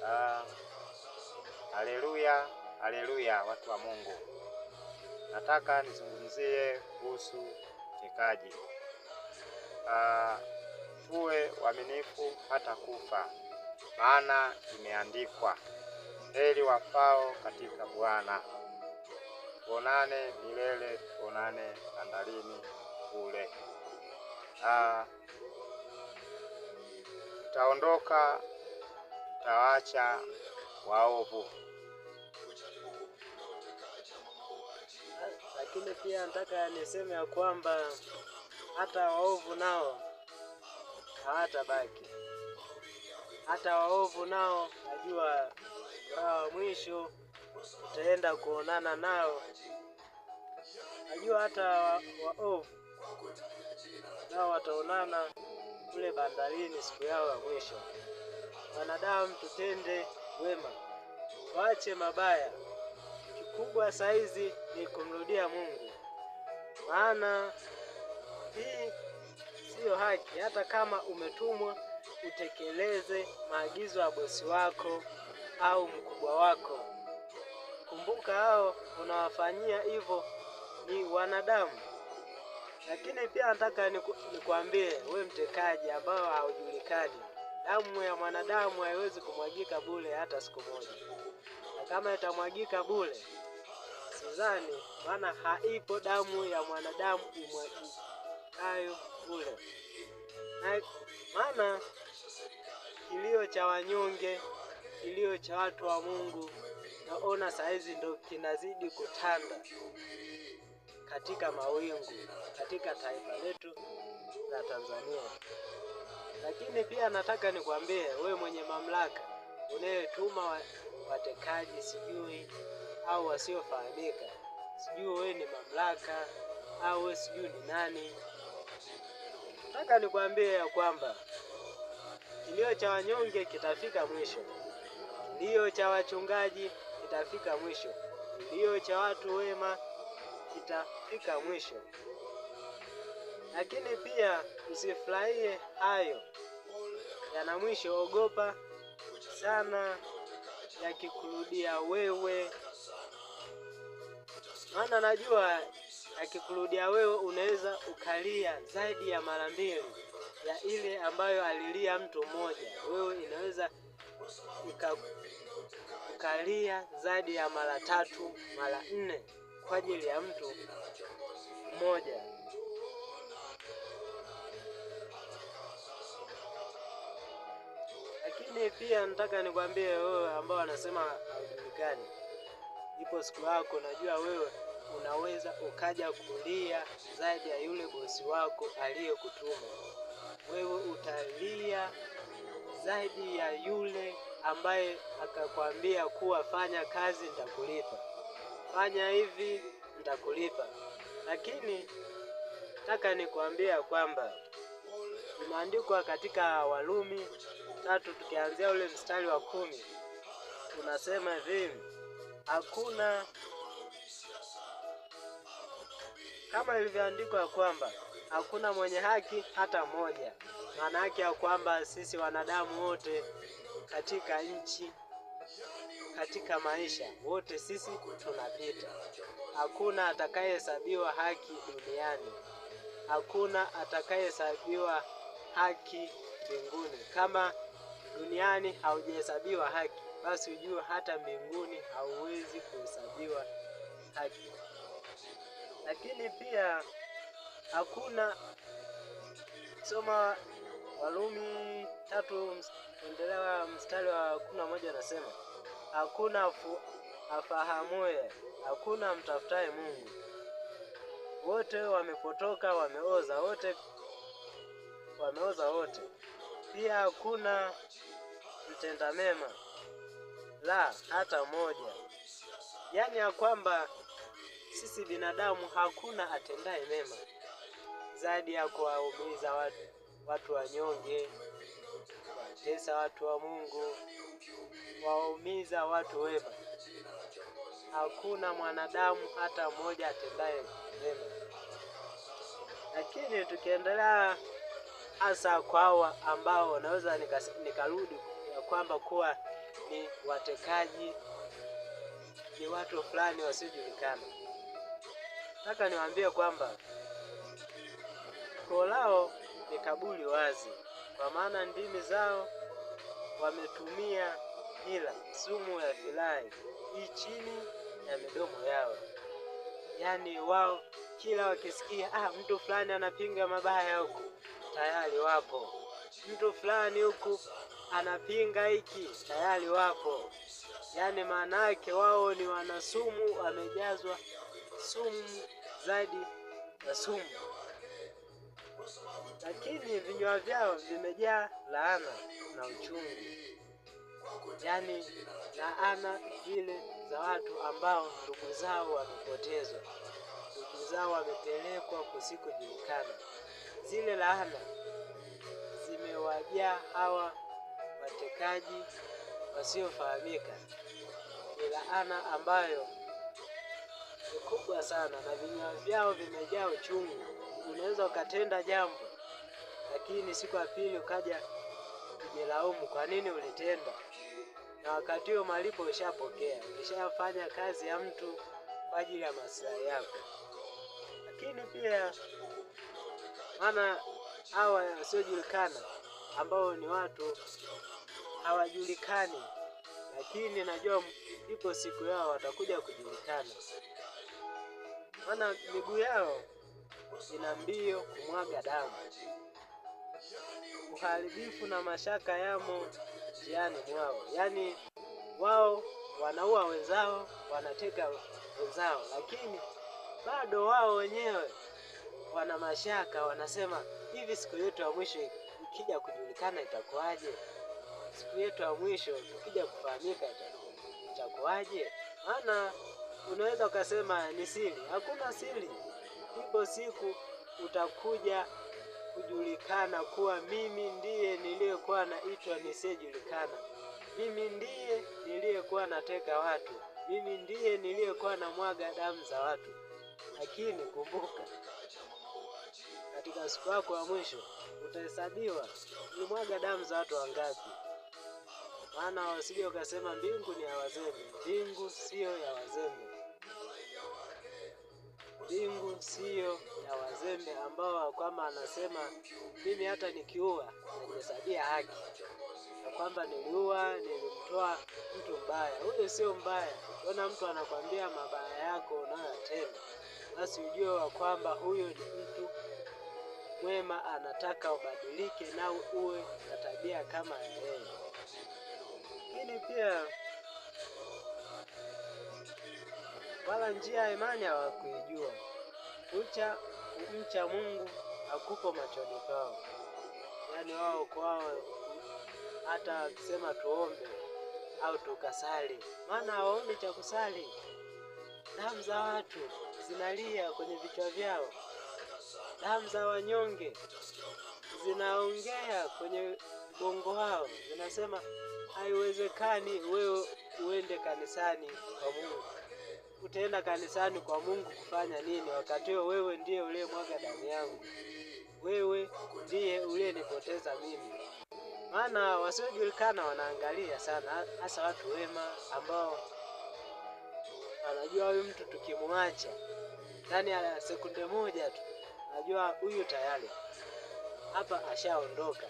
Ah, haleluya, uh, haleluya watu wa Mungu. Nataka nizungumzie kuhusu utekaji. Uh, ah, tuwe waaminifu hata kufa, maana imeandikwa, heri wafao katika Bwana. Tuonane milele, tuonane andalini kule. Uh, ah, tutaondoka tawacha waovu. Lakini pia nataka niseme ya kwamba hata waovu nao hawatabaki, hata waovu nao najua wa mwisho utaenda kuonana nao. Najua hata waovu wa nao wataonana kule bandarini siku yao ya mwisho wanadamu tutende wema, waache mabaya. Kikubwa saizi ni kumrudia Mungu, maana hii siyo haki. Hata kama umetumwa utekeleze maagizo ya bosi wako au mkubwa wako, kumbuka hao unawafanyia hivyo ni wanadamu. Lakini pia nataka nikuambie wewe mtekaji ambao haujulikani damu ya mwanadamu haiwezi kumwagika bure hata siku moja, na kama itamwagika bure, sidhani, maana haipo damu ya mwanadamu imwagikayo bure, na maana kilio cha wanyonge, kilio cha watu wa Mungu naona saizi ndo kinazidi kutanda katika mawingu katika taifa letu la Tanzania. Lakini pia nataka nikwambie wewe mwenye mamlaka unayetuma watekaji sijui au wasiofahamika, sijui wewe ni mamlaka au wewe sijui ni nani, nataka nikwambie ya kwamba kilio cha wanyonge kitafika mwisho, kilio cha wachungaji kitafika mwisho, kilio cha watu wema kitafika mwisho, lakini pia Usifurahie hayo yana mwisho, ogopa sana yakikurudia wewe, maana najua yakikurudia wewe unaweza ukalia zaidi ya mara mbili ya ile ambayo alilia mtu mmoja. Wewe inaweza ukalia zaidi ya mara tatu mara nne kwa ajili ya mtu mmoja. lakini pia nataka nikwambie wewe ambao wanasema haijulikani, ipo siku yako, najua wewe unaweza ukaja kulia zaidi ya yule bosi wako aliyekutuma wewe. Utalia zaidi ya yule ambaye akakwambia kuwa fanya kazi nitakulipa, fanya hivi nitakulipa. Lakini nataka nikwambia kwamba imeandikwa katika Warumi tatu tukianzia ule mstari wa kumi unasema hivi, hakuna kama ilivyoandikwa ya kwamba hakuna mwenye haki hata mmoja. Maana yake ya kwamba sisi wanadamu wote katika nchi, katika maisha, wote sisi tunapita. Hakuna atakayehesabiwa haki duniani, hakuna atakayehesabiwa haki mbinguni kama duniani haujahesabiwa haki, basi ujue hata mbinguni hauwezi kuhesabiwa haki. Lakini pia hakuna soma Warumi tatu endelea mstari wa kumi na moja anasema hakuna afahamuye, hakuna mtafutaye Mungu, wote wamepotoka, wameoza wote, wameoza wote. Pia hakuna mtenda mema, la hata mmoja. Yaani ya kwamba sisi binadamu hakuna atendaye mema zaidi ya kuwaumiza watu, watu wanyonge, kuwatesa watu wa Mungu, waumiza watu wema. Hakuna mwanadamu hata mmoja atendaye mema. Lakini tukiendelea hasa kwa hawa ambao naweza nikarudi ya kwamba kuwa ni watekaji, ni watu fulani wasiojulikana. Nataka niwaambie kwamba koo lao ni kaburi wazi, kwa maana ndimi zao wametumia hila, sumu ya filahi hii chini ya midomo yao. Yaani wao kila wakisikia ah, mtu fulani anapinga mabaya huko tayari wapo. Mtu fulani huku anapinga hiki, tayari wapo. Yaani maana yake wao ni wanasumu, wamejazwa sumu zaidi ya sumu, lakini vinywa vyao vimejaa laana na uchungu, yaani laana zile za watu ambao ndugu zao wamepotezwa, ndugu zao wamepelekwa kusikojulikana. Zile laana zimewajaa hawa watekaji wasiofahamika. Ni laana ambayo ni kubwa sana, na vinywa vyao vimejaa uchungu. Unaweza ukatenda jambo, lakini siku ya pili ukaja kujilaumu kwa nini ulitenda, na wakati huo malipo ushapokea, ulishafanya kazi ya mtu kwa ajili ya maslahi yako, lakini pia maana hawa wasiojulikana ambao ni watu hawajulikani, lakini najua ipo siku yao watakuja kujulikana, maana miguu yao ina mbio kumwaga damu. Uharibifu na mashaka yamo njiani mwao, yaani wao wanaua wenzao, wanateka wenzao, lakini bado wao wenyewe wana mashaka, wanasema hivi siku yetu ya mwisho ikija kujulikana itakuwaje? Siku yetu ya mwisho ikija kufahamika itakuwaje? Maana unaweza ukasema ni siri. Hakuna siri, ipo siku utakuja kujulikana kuwa mimi ndiye niliyekuwa naitwa nisiyejulikana, mimi ndiye niliyekuwa nateka watu, mimi ndiye niliyekuwa namwaga damu za watu. Lakini kumbuka katika siku yako ya mwisho utahesabiwa ulimwaga damu za watu wangapi. Maana wasije ukasema mbingu ni ya wazembe. Mbingu siyo ya wazembe, mbingu siyo ya wazembe ambao kwamba anasema mimi hata nikiua najihesabia haki kwamba niliua, nilimtoa mtu mbaya. Huyo sio mbaya. Ukiona mtu anakwambia mabaya yako unayotenda, basi ujue wa kwamba huyo ni mtu Wema anataka ubadilike na uwe na tabia kama yeye. Lakini pia wala njia ya imani hawakuijua. kucha kumcha Mungu hakupo machoni pao, yaani wao kwao hata wakisema tuombe au tukasali, maana hawaombi cha kusali. Damu za watu zinalia kwenye vichwa vyao damu za wanyonge zinaongea kwenye bongo wao, zinasema haiwezekani wewe uende kanisani kwa Mungu. Utaenda kanisani kwa Mungu kufanya nini, wakati huo wewe ndiye mwaga damu yangu, wewe ndiye uliyenipoteza mimi. Maana wasiojulikana wanaangalia sana, hasa watu wema ambao wanajua huyu mtu tukimwacha ndani ya sekunde moja tu najua huyu tayari hapa ashaondoka.